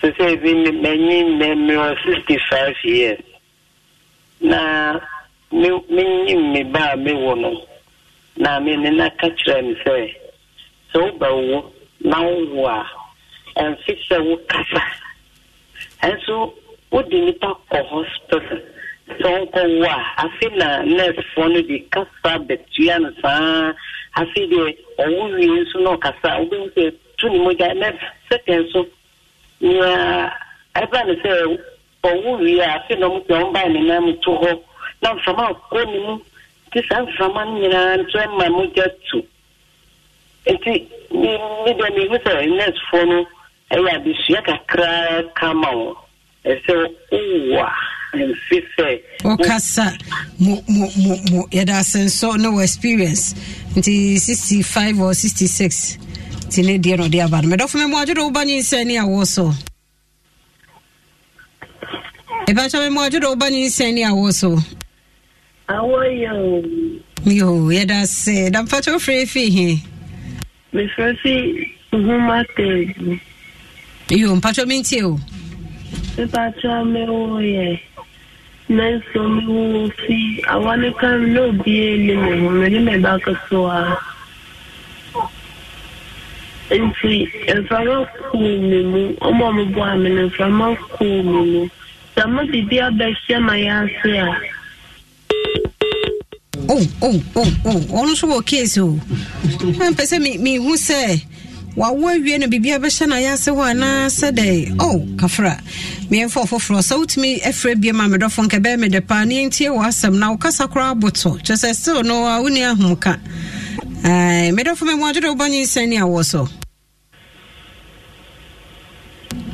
sese bi menyi mme mmiri sixty five years na menyi mme ba a mewɔ no na me nina ka kyerɛ me sɛ sɛ woba wo na wowo a ɛmfe sɛ wokasa ɛnso kɔ hospital sɛ a na nursefoɔ no de kasa bɛtua no saa afei deɛ ɔwo wie nso na ɔkasa wobɛhu sɛ etu ne mogya na sɛkɛn so na ɛbɛn oh, no sɛ ɔwo wie a afei na ɔmo deɛ ɔmo baa ne nan mu to hɔ na mframa akɔ ne mu nti saa mframa no nyinaa nso ɛma mo gya tu nti mi mi deɛ mi hu sɛ nɛɛsfoɔ no ɛyɛ abesua kakra kama wɔn ɛsɛ ɔwɔ a wokasa mu mo mo mo yɛda asɛnsɔ ne wɔ experience nti sixty five or sixty six nti ne deɛ na ɔde aba no medɔfo me mmoadwo woba nyinsɛ ne awo so ɛpɛkyɛ me mmoadwo woba nyinsɛ ne awo so yo yɛda se da fii he mefrɛ fi nhoma yo mentie o mewo yɛ nanso mewo fi awa ne ka ne me ho mene nti mframa kuu me mu ɔma ɔmeboa me no mframa kuu me mu sɛ mo biribi abɛhyɛ ma yɛ ase a oh, oh, oh, ɔno nso wɔ case o mpɛ o na wokasa koraa boto kyɛ sɛ still so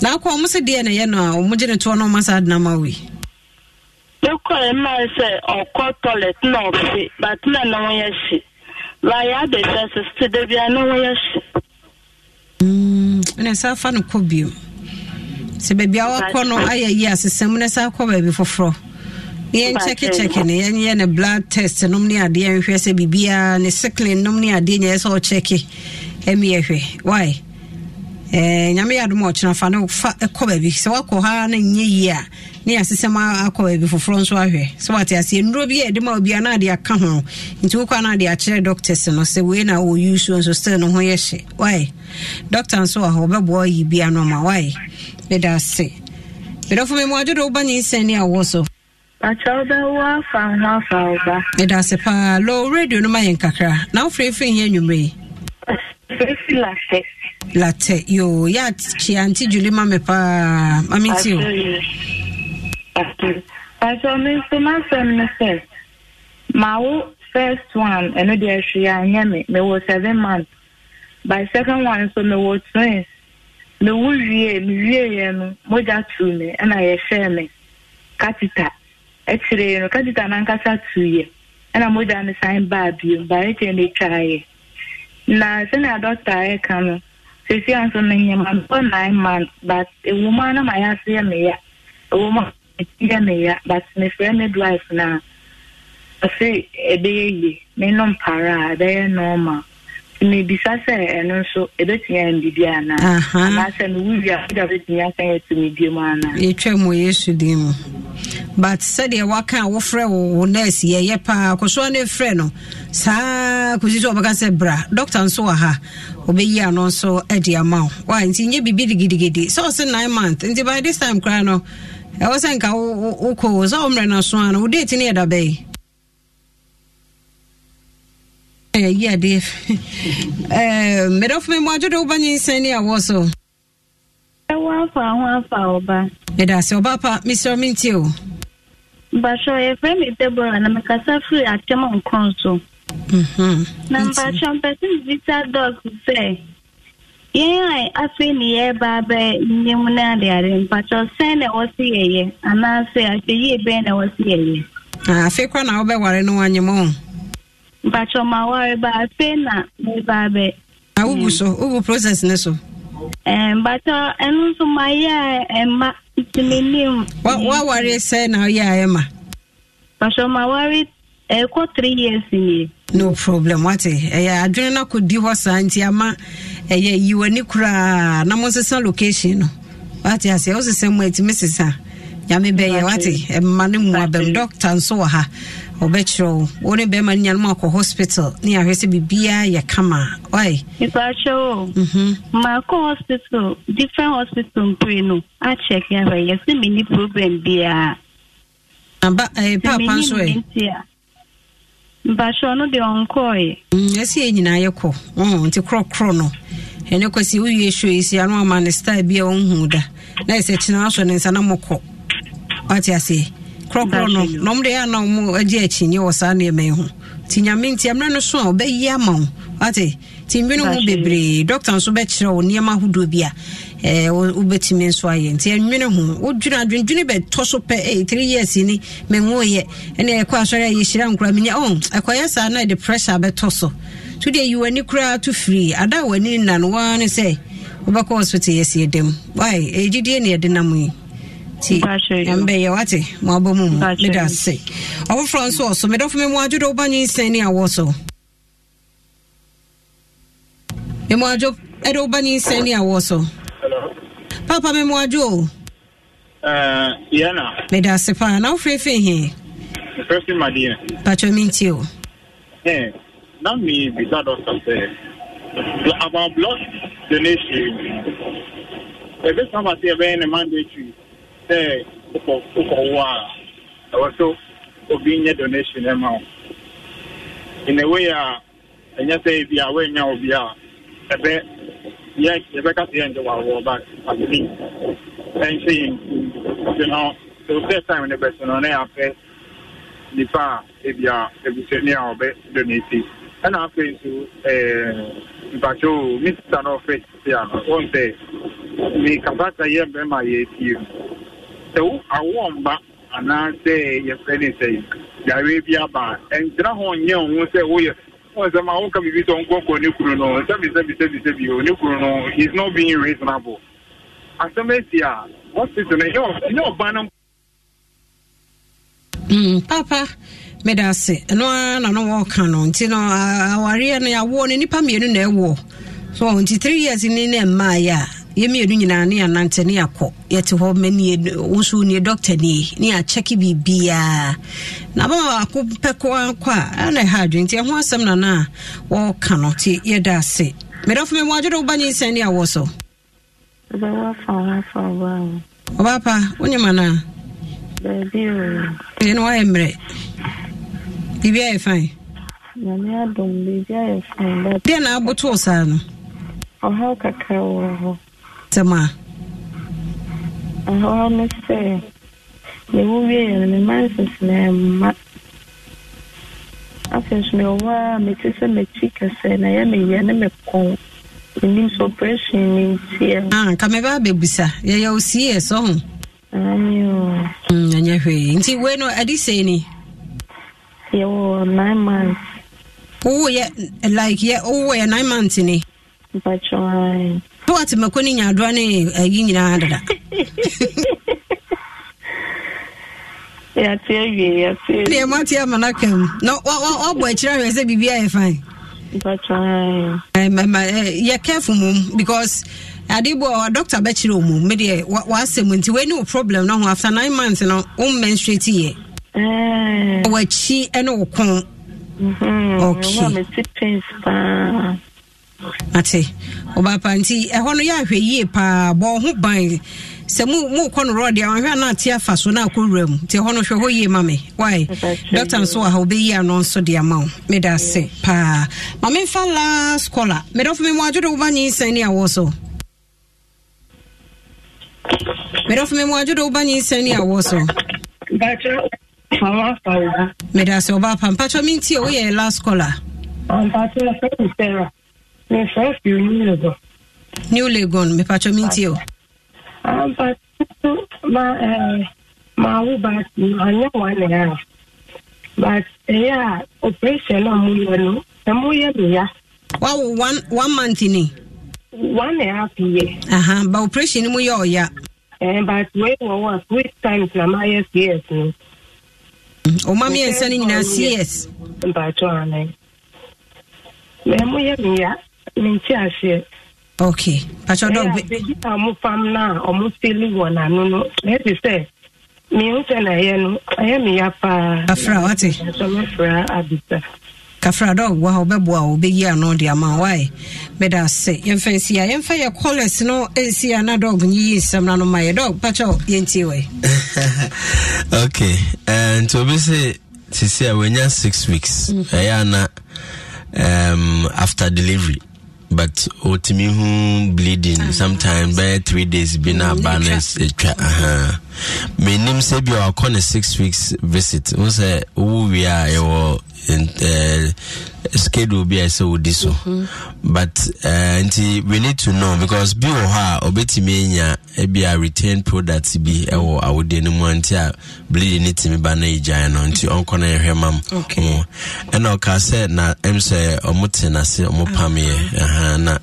na akɔ ɔmo se deɛ na yɛ no a ɔmo gye ne toɔ na ɔmo asa adena ma wi. ekɔɛ mmaa sɛ ɔkɔ toilet na ɔfe but na ne ho yɛ hye baayɛ abɛsɛ sisi de bia mm, ne ho yɛ hye. ɛna ɛsɛ afa no kɔ bio sɛ baabi a wakɔ no ayɛ yie asesɛm na ɛsɛ akɔ baabi foforɔ yɛn kyɛkekyɛke eh, no yɛnyɛ ne blood test nom ne adeɛ nhwɛ sɛ biribiaa ne cyclin nom ne adeɛ nyɛ sɛ ɔkyɛke ɛmi yɛhwɛ wae Eh, nyame yɛ adom a ɔkyena fa ne fa eh, kɔ baabi sɛ woakɔ ha na nyɛ yie a ne yɛasesɛm akɔ baabi foforɔ nso ahwɛ sɛ wate aseɛ nnuro bi a ɛde ma obia na ade aka ho nti wokɔ na ade akyerɛ doctors no sɛ wei na wɔyi suo nso still no ho yɛ hye wae nso wɔ hɔ wɔbɛboa yi bia no ma wae ase me woba nyinsɛn ne so ba. ase paa. Tracy Latte. Latte, yo, yeah, she auntie Julie mame pa, mami ti yo. Pastor, me so ma sem ne se, ma wo first one, eno de she ya nye me, me wo seven months. By second one, so me wo twins. Me wo wie, me wie ye no, mo ja tu me, na ye share me. Katita. Ekyire ye no, katita na nkasa tu ye. na mo ja ne sign ba bio, e ba ye te ne try na sɛnea dɔkta ɛka no sesi a nso menyɛ ma mepɔ nine months but ɛwɔ mu a ya si ya yɛ ya ɛwɔ na a ya yɛ ya but mefrɛ na no ebe ɔse ɛbɛyɛ yie menom para a na normal mebisa sɛ ɛno nso ɛbɛtumi ayɛ na anaa anaasɛ mewowie a wogya na asɛn yɛtumi bio mu anaa yɛtwa mu yesu dị mu but sɛdeɛ waka a wofrɛ wo nurse yɛyɛ paa kosoa na ɛfrɛ no saa kosi sɛ wɔbɛka sɛ bra doctor nso wɔ ha wɔbɛyi ano nso adi ama wo wa nti nyɛ biribi digidigi sɛ ɔse nine month nti by this time koraa no ɛwɔ sɛ nka wokɔ sɛ wommerɛ no so a no wo date no yɛda bɛyi yɛyi adeɛ mmerɛfo me mu adwo ne awɔ so ɛwɔ afa afa o mbatrọ efere m debora e na mekasa firi atwam nkron so mm-hmm. na mbatrọ mpɛsɛ mbisa dɔk sɛ yɛn e a afei ne yɛreba abɛ nnem no ade ade mpatrɔ sɛn na ɛwɔ se yɛyɛ anaasɛ ahwɛ yie bɛn na ɛwɔ se yɛyɛ afei kora na wobɛware no wanye mo mpatrɔ ma ware ba afei na meba abɛ na wogu so wogu process ne so eh, mbatrɔ ɛno e nso mayɛ a ɛma waware sɛ na woyɛ aɛ ma masɛmaware ɛkɔ three years nie no problem wate ɛyɛ adwene no akɔdi hɔ saa nti ama ɛyɛ yiw'ani koraa na monsesa location no wate aseɛ wosesɛ mu atumi sesa nyame bɛyɛ wate ɛma no mu abɛm dɔcta nso wɔ ha wɔbɛkyerɛ wo ne bɛrima no nyanom akɔ hospital ne yɛahwɛ sɛ biribiaa yɛ kama ɔe mepakyɛ o mhm. maakɔ hospital different hospital mpire no akyɛk yɛhwɛ yɛ sɛ menni problem biaa aba eh, papa nso ɛ mpakyɛ no deɛ ɔnkɔɔɛ mm, ɛsɛ yɛ nyinaa yɛkɔ nti korɔkorɔ no ɛne kɔ sɛ wowie hwɛ sia no ama ne star bi a ɔnhu da na ɛsɛ kyena asɔ ne nsa na mɔkɔ wate aseɛ korɔkorɔ no na ɔm deɛ ana ɔm agye akyinye wɔ saa nneɛma yi ho nti nyame nti mmerɛ no so a wɔbɛyi ama wo ate nti mmino ho bebree dɔkta nso bɛkyerɛ wo nneɛma ahodoɔ bi a eh, wobɛtumi nso ayɛ nti ɛnwene ho wodwene adwendwene bɛtɔ so pɛ eh, three years ni menwoyɛ ɛna ɛkɔ asɔre a yɛhyira nkora menya o oh, ɛkɔyɛ saa na ɛde pressure bɛtɔ so to deɛ yiw'ani koraa to firi ada w'ani na no waa ne sɛ wobɛkɔ hospital yɛsiɛ dam ɛgyidie ne yɛde nam yi ti mbɛyɛ wate mo abɔ mu mu meda ase ɔfoforɔ nso ɔso medɔfo me mu adwo dɛ woba nyinsɛn ne awɔ so me mu adwo ɛdɛ woba nyinsɛn ne awɔ so papa me mu adwo o eh, yɛna meda ase paa na wofrɛ fi he patwɛ menti o na me bisa dɔctor sɛ about blood donation ɛbɛsa sɛ ɛbɛyɛ ne mandatory sɛ wokɔ wɔ a ɛwɔ so obi nyɛ donation ɛma wo in a way a ɛnyɛ sɛ ebi a woanya obi a ɛbɛ yɛbɛka sɛ yɛnde wawoɔ but asini ɛnhyɛ yɛn nti no sɛ time no bɛso no na yɛapɛ nipa a ebi a ebusani a ɔbɛ donate ɛna afei nso ɛɛ mpakyɛw mi sita n'ɔfɛ si wɔn sɛ mi kabata yɛ mbɛma yɛ etie sɛ wo awoɔ mba anaa sɛ yɛfrɛ ne sɛ yareɛ bi aba a ɛntena hɔ nyɛ ho sɛ woyɛ sɛm a woka biribi sɛ ɔnkɔkɔ ne kunu no sɛbisɛbisɛbisɛbi o ne kunu no is not being reasonable asɛm asi a hospital no ɛnyɛ ɔba no papa mede ase ɛno a na no wɔka no nti no awareɛ no yɛawoɔ no nnipa mmienu na ɛwoɔ so nti three years ni na ɛmmaayɛ a yɛmmienu nyinaa ne anante ne yɛakɔ yɛte hɔ ma wo nso nie dɔkta nie ne yɛakyɛke biribiaa na bama baako pɛ kɔa kɔ a ɛna ɛha adwene nti ɛho asɛm nana a wɔka no nti yɛda ase medɔfo me moagye de woba nyinsɛn ne awɔ so ɔbaa pa wonyima no a ɛne woayɛ mmerɛ biribia yɛ fae deɛ na aboto wo saa no ɔhaw kakra wɔ hɔ asɛm a ɛhɔ ne sɛ mewo wieɛ no mema nsesena ma afei nso mewɔ a mete sɛ m'akyi kɛsɛ na ɛyɛ meyɛ ne mekɔn menim sɛ operation ne ntiɛ ah, ka mɛbɛa yɛyɛ wo sii ɛ ho ɛnyɛ hwee nti wei no ɛde sei ni yɛwɔ nine months wowoyɛ like yɛ wowɔ nine months ni mpakyɛ na wate mako ne eh, nyaadoa ne ayi nyinaa dada ọ moate ama no ka mu na ɔbɔ akyirɛ hwɛ sɛ biribia yɛ fan yɛ careful mom because ade bo a doctor bɛkyerɛ wo mu medeɛ waasɛm nti wo problem no ho after nine months no wo menstrate wɔakyi ne wo ko okay ate ɔbaapa nti ɛhɔ no yɛahwɛ yie paa bɔ ho ban sɛ mokɔ no rɔde a wahwɛ ana ate afa so na akɔwura mu nti ɛhɔ no hwɛ hɔ yie ma me wae dɔctor nso wɔ ha wobɛyi ano nso de ama wo meda ase paa ma memfa last caller medɔfo me mu adwode woba nyinsɛn ne awɔ so medɔfo me mu adwode woba nyinsɛn ne awɔ so meda sɛ ɔbaapa mpatwɔ mentie woyɛ last caller mpatwɔ sɛ mefrɛ firi new lagon new lagon mepatwɛ mentie ah, o maawo but anyɛ wane a but ɛyɛ a operation a moyɛ no ɛmoyɛ meya wawo one one month ni one and a half year aha ba operation no mu yɛ ɔya ɛn but wei wɔ wɔ three times na mayɛ cs no ɔma miɛnsa no nyinaa cs mpatwɔ anan mɛmoyɛ meya menti aseɛ okay patwɛ dɔ bɛgyi a ɔmo fam no a ɔmo fili wɔ no na sɛ mehu sɛ na ɛyɛ no ɛyɛ meya paa kafra wate sɔmefra abisa kafra dɔg wa hɔ bɛboa wo bɛyi ano de ama wae mɛda ase yɛmfa nsi a yɛmfa yɛ collars no nsi a na dɔg nyiyi nsɛm no ma yɛ dɔg patwɛ yɛntie wɛ okay nti obi se sisi a wanya six weeks ɛyɛ ana um, after delivery but otimi ho bleeding ah. sometimes bɛyɛ three days bi na aba no atwa aha menim sɛ bia wakɔ ne six weeks visit wo sɛ wowu wie a yɛwɔ Uh, schedule bi a ɛsɛ wodi so mm-hmm. but uh, nti we need to know because bi wɔ hɔ a ɔbɛtumi anya ebi a return product bi ɛwɔ awodeɛ no mu a nti a bleeding ne tumi ba na egyae no nti ɔnkɔ na yɛhwɛ e ma m ɛna ɔka sɛ na ɛm sɛ ɔmo te n'ase ɔmo pamyɛ na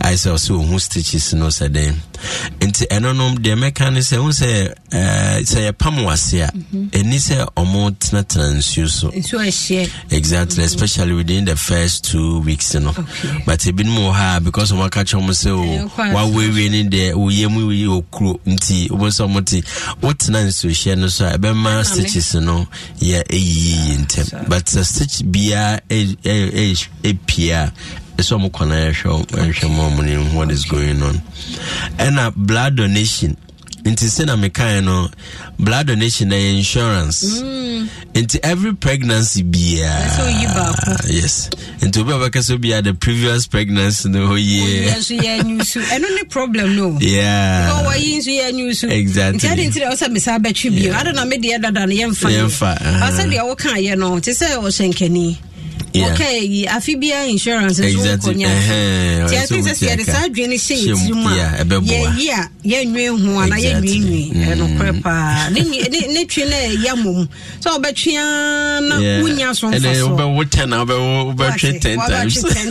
ayɛ sɛ ɔsɛ ɔhu stitches no sɛ dɛn nti ɛno no deɛ mɛka ne sɛ hu sɛ uh, sɛ yɛpam e wase a ɛni mm-hmm. e sɛ ɔmo tenatena nsuo so nsuo ɛhyeɛ exactly mm-hmm. especially within the first two weeks you know okay. but ebinom more hard because wɔn catch kyerɛ wɔn sɛ o eh, wawewie ne deɛ oyie mu yi okuro nti wɔn sɛ wɔn ti wɔtena share, no so a my stitches you know, yeah, a yɛ in ntɛm but the stitch biara a ɛsɛ wɔn So I'm wɔn ahwɛ Show ne ho what is going on And a blood donation. nti sɛ na mekae no blood donation ɛyɛ insurance mm. nti every pregnancy biaa yes nti obi a wɔbɛka sɛ biaa the previous pregnancy no hɔ oh, yieyɛmfa uh-huh. ɔsɛ deɛ wokayɛ no te sɛ ɔhyɛ nkani yeah. okay yi afi bia insurance nso exactly. nkonya ti i think sɛ yɛde saa adwene no hyɛ yɛtiri mu a yɛyi a yɛnwen ho ana yɛnwiinwi ɛnokorɛ paa ne twe no ɛya mmom sɛ wobɛtwea na wonya so mfasowobɛtwe 10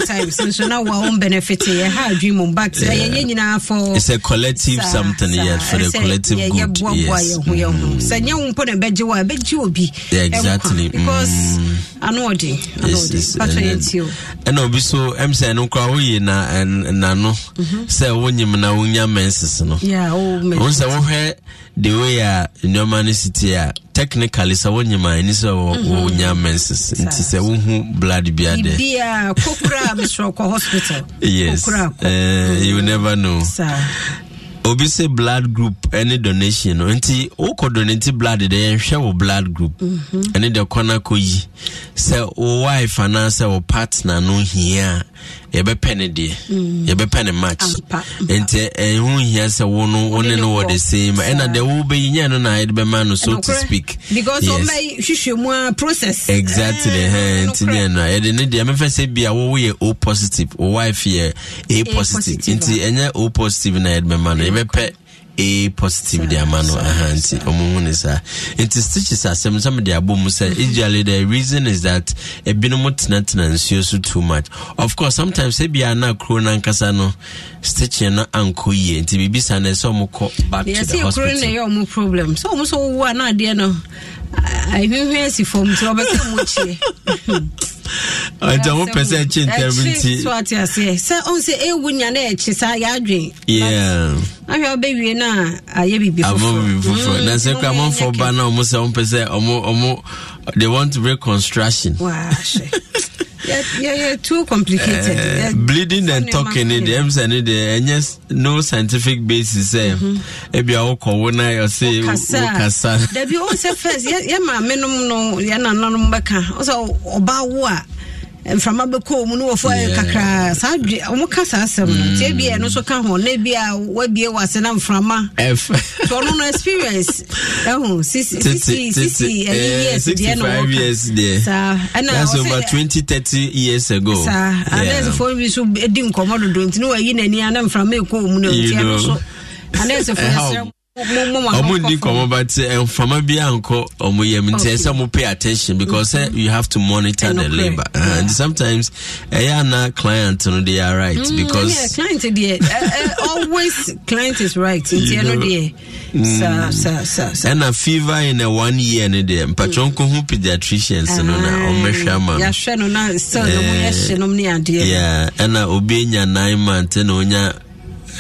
times nso na woa wo benefit yɛha adwen mmom but yɛyɛ nyinaa fo it's a collective something yes for the collective good yes yɛboaboa yɛ ho yɛ ho sɛ nyɛ wo mpo na ɛbɛgye wo a ɛbɛgye obi exactly because mm. ano ɔde yes ɛna obi so ɛm sɛ ɛno koraa woyi na nano mhm. sɛ wonyim na wonya menses no oh, wo sɛ wohwɛ the way a nneɔma no siti a technically sɛ wonyim a ɛni sɛ mhm. wonya menses nti sɛ wohu blood bia dɛ yes uh, you mhm. never know Sa obi sɛ blood group ne donation no nti wokɔ donate blood de yɛnhwɛ wo blood group ɛne de kɔna kɔyi sɛ o wife anaasɛ o oh, partner no hia yɛbɛpɛ ne deɛ mm. yɛbɛpɛ ne match nti ɛho eh, hia sɛ wo no wo ne no wɔ the same ɛna deɛ wobɛyi nyɛ no na yɛde bɛma no so to speak exactly eh, eh, nti ne no yɛde ne deɛ mɛfɛ sɛ bia wowo yɛ o positive wo wife yɛ a positive nti ɛnyɛ o positive na yɛde bɛma no yɛbɛpɛ a positive de ama no aha nti ɔmo ho ne saa nti stitches asɛm sɛ mede abɔ mu sɛ usually the reason is that ebinom tenatena nsuo so too much of course sometimes ebia na kuro no ankasa no stitches no ankɔ yie nti bibi sa no ɛsɛ ɔmo kɔ back to the hospital problem sɛ ɔmo so wowu a na adeɛ no ahwehwɛ si fam nti ɔbɛsɛ mokyie ɔnti ɔmo pɛ sɛ kye ntɛm nti so aseɛ sɛ ɔn sɛ ɛwu nya na ɛkye saa yɛadwen ahwɛ wobɛwie no a ayɛ biribi foforɔ na sɛ kora mamfoɔ ba na ɔmo sɛ ɔmpɛ sɛ ɔmo they want reconstruction. Wow, yeah, yeah, yeah, too complicated. Uh, yeah. Bleeding and talking, it, them and it, and yes, no scientific basis. Eh, if you are corona, you say, Okasa. There be also first, yeah, yeah, my men no, yeah, no, no, no, no, no, no, no, no, mframa bɛkɔ mu no wɔfɔ kakra saa ɔmo ka saa asɛm no tie mm. bia ɛno nso ka ho na bia wabie wɔ ase na mframa nti ɔno no experience ɛho sisi eh, deɛ no wɔkasaa ɛna twenty thirty years ago saa anɛsfoɔ bi so di nkɔmmɔ dodo nti ne wayi n'ani a na mframa ɛkɔ mu no nti ɛno so anɛsfoɔ yɛsrɛ ɔmo nni nkɔmmɔ but mframa eh, bi ankɔ ɔmo yam nti ɛsɛ mo pay attention because mm you have to monitor the labor uh, and sometimes ɛyɛ ana client no they are right mm, because yeah, client deɛ uh, always client is right nti ɛno deɛ mm. sa sa sa ɛna fever in a one year ne deɛ mpatwɔn mm. ko ho pediatricians no na ɔmmɛhwɛ ah, ama no yɛahwɛ no na still no mo yɛ hye nom ne adeɛ yeah ɛna uh, obi nya nine month na onya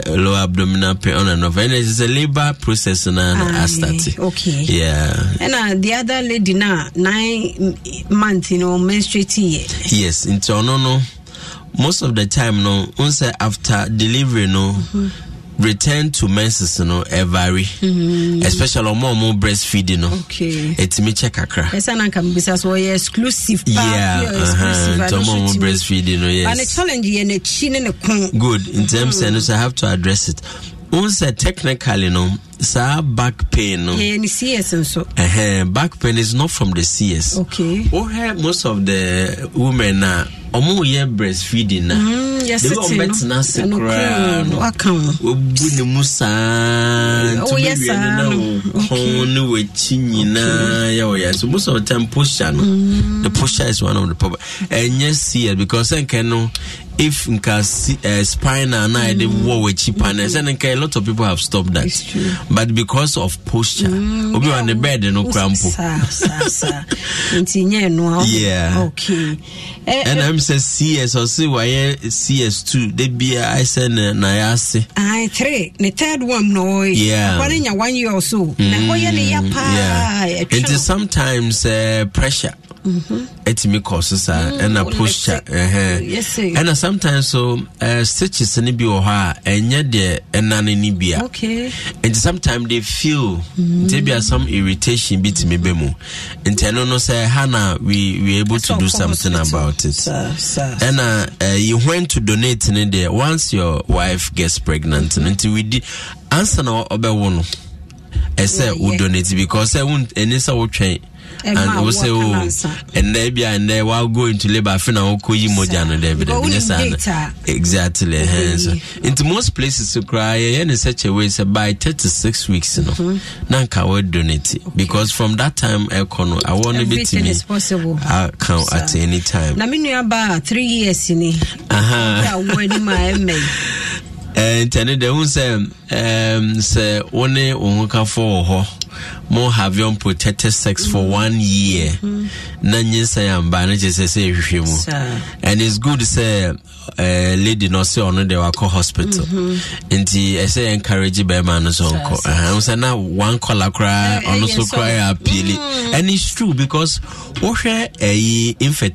lower abdominal pain on and off. And it's a labor process and I started. Okay. Yeah. And uh, the other lady now nine months you know menstruating. Yes, into no no. Most of the time no, once after delivery no. Mm-hmm return to menses no ɛvary mm-hmm. especially ɔmo ɔmo breastfeeding no ɛtumi kyɛ kakra ɛsɛ na nka mbisa so ɔyɛ exclusive yeah, uh-huh. nti ɔmo ɔmo breastfeeding no yes ane challenge yɛ n'akyi ne ne ko good nti ɛm sɛ no so i have to address it n sɛ technically no saa back pain no. ɛyɛ eh, ni cs nso. ɛhɛn back pain is not from the cs. okay. wohɛ most of the women na ɔmo yɛ breastfeeding na. Mm, yɛ siti no de bi ɔmɛtena se koraa no waka o. obu ne mu saa ntoma wie no na o kɔn ne wɔkyi nyinaa yɛ ɔyɛ so most of the time posture no mm. the posture is one of the problem ɛnyɛ cs because ɛnkɛ no if nka uh, spinal na ɛde e mm. wɔ wɔkyi pa na ɛsɛ no nka a lot of people have stopped that. but because of posture we mm. obi on the bed no crampo ah. yeah okay eh, eh. and i'm say cs or say why eh, cs2 they be i said na ya i three the third one no yeah one year or so mm, na hoye ne ya pa yeah it is sometimes uh, pressure ɛtumi mm-hmm. kɔ so saa mm, ɛna mm, mm, posture ɛna sometimes so uh, stitches in bi wɔ hɔ a ɛnyɛ deɛ ɛnane no bia nti sometimes they feel nti ebia some irritation bi tumi bɛ mu nti ɛno no sɛ ha na we we able to do something about it ɛna uh, you went to donate ne deɛ once your wife gets pregnant mm-hmm. nti we di Answer na ɔbɛwo no ɛsɛ wo donate because ɛne sɛ wotwɛn and wo sɛ o ɛnɛ bi a ɛnɛ wa go into labour afi na wokɔ yi mogya no dɛbi dɛbi ne saa no exactly ɛhɛn so nti most places koraa yɛyɛ ne such a way sɛ by thirty six weeks no mm-hmm. na nka wɔ donate because from that time ɛkɔ no awɔ no bi tumi aka at any time. na me nua ba three years ni. awɔ anim a ɛmɛ. nti ɛne deɛ ho sɛ sɛ wo ne wo ho kafo wɔ hɔ mo have your protected sex for mm. one year mm-hmm. na nyinsa ya mba ne kyerɛ sɛ sɛ ɛhwehwɛ mu and it's good sɛ uh, eh, lady no sɛ ɔno deɛ wakɔ hospital mm-hmm. nti ɛsɛ eh, encourage bɛrima no so nkɔ ɛhɛn sɛ na one kɔla koraa ɔno so koraa yɛ apiele and it's true because wohwɛ ɛyi eh, infect.